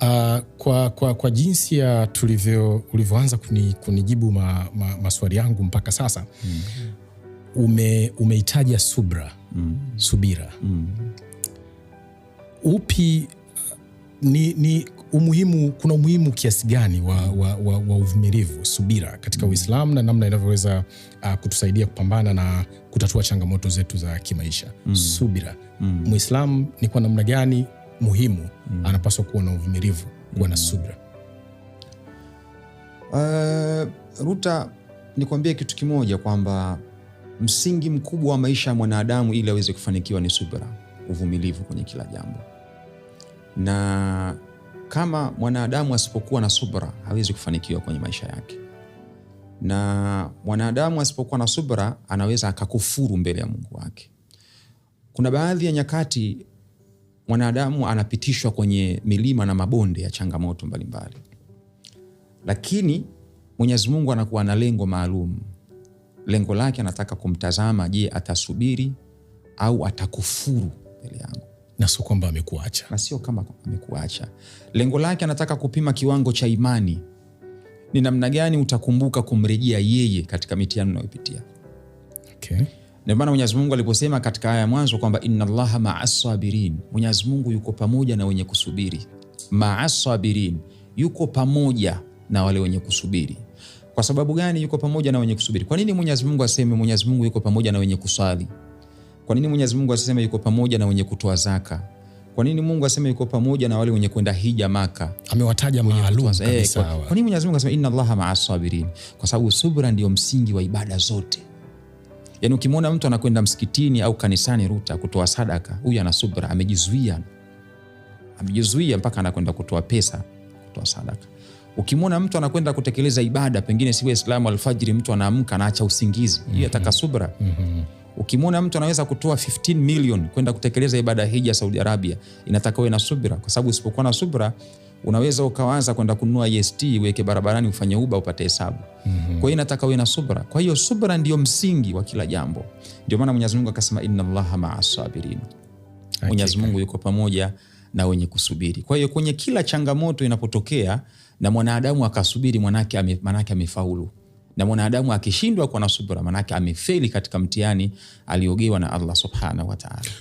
Uh, kwa, kwa, kwa jinsi ya tulivyo ulivyoanza kuni, kunijibu ma, ma, maswali yangu mpaka sasa mm. ume, umeitaja subra mm. subira mm. upi ni, ni umuhimu kuna umuhimu kiasi gani wa, wa, wa, wa uvumilivu subira katika mm. Uislamu na namna inavyoweza uh, kutusaidia kupambana na kutatua changamoto zetu za kimaisha mm. subira mm. Muislamu ni kwa namna gani muhimu mm. anapaswa kuwa na uvumilivu, kuwa na subra. Uh, Ruta, nikuambia kitu kimoja kwamba msingi mkubwa wa maisha ya mwanadamu ili aweze kufanikiwa ni subra, uvumilivu kwenye kila jambo, na kama mwanadamu asipokuwa na subra hawezi kufanikiwa kwenye maisha yake, na mwanadamu asipokuwa na subra anaweza akakufuru mbele ya Mungu wake. Kuna baadhi ya nyakati mwanadamu anapitishwa kwenye milima na mabonde ya changamoto mbalimbali mbali. Lakini Mwenyezi Mungu anakuwa na lengo maalum. Lengo lake anataka kumtazama, je, atasubiri au atakufuru mbele yangu, na sio kwamba amekuacha, na sio kama amekuacha. Lengo lake anataka kupima kiwango cha imani, ni namna gani utakumbuka kumrejea yeye katika mitiano unayopitia. Okay. Ndio maana Mwenyezi Mungu aliposema katika aya ya mwanzo kwamba inna Allaha maa sabirin, Mwenyezi Mungu yuko pamoja na wenye kusubiri. Maa sabirin, yuko pamoja na wale wenye kusubiri. Kwa sababu gani yuko pamoja na wenye kusubiri? Kwa nini Mwenyezi Mungu aseme Mwenyezi Mungu yuko pamoja na wenye kusali? Kwa nini Mwenyezi Mungu aseme yuko pamoja na wenye kutoa zaka? Kwa nini Mungu aseme yuko pamoja na wale wenye kwenda hija Maka? Amewataja maalum eh, kabisa. Kwa nini Mwenyezi Mungu asema inna Allaha maa sabirin? Kwa sababu subra ndio msingi wa ibada zote. Yaani ukimwona mtu anakwenda msikitini au kanisani RUTA kutoa sadaka, huyu ana subra, amejizuia, amejizuia mpaka anakwenda kutoa pesa, kutoa sadaka. Ukimwona mtu anakwenda kutekeleza ibada, pengine si Waislamu, alfajiri mtu anaamka anaacha usingizi, -hmm. ataka subra. Mhm. Ukimwona mtu anaweza kutoa 15 million kwenda kutekeleza ibada hija Saudi Arabia, inataka uwe na subra, kwa sababu usipokuwa na subra unaweza ukawaza kwenda kununua est uweke barabarani ufanye uba upate hesabu. mm -hmm. Kwa hiyo inataka uwe na subra. Kwa hiyo subra ndiyo msingi wa kila jambo. Ndio maana Mwenyezi Mungu akasema inna llaha maa sabirin, Mwenyezi Mungu yuko pamoja na wenye kusubiri. Kwa hiyo kwenye kila changamoto inapotokea na mwanadamu akasubiri, manake ame, amefaulu na mwanadamu akishindwa kuwa na subra, manake amefeli katika mtihani aliogewa na Allah subhanahu wataala.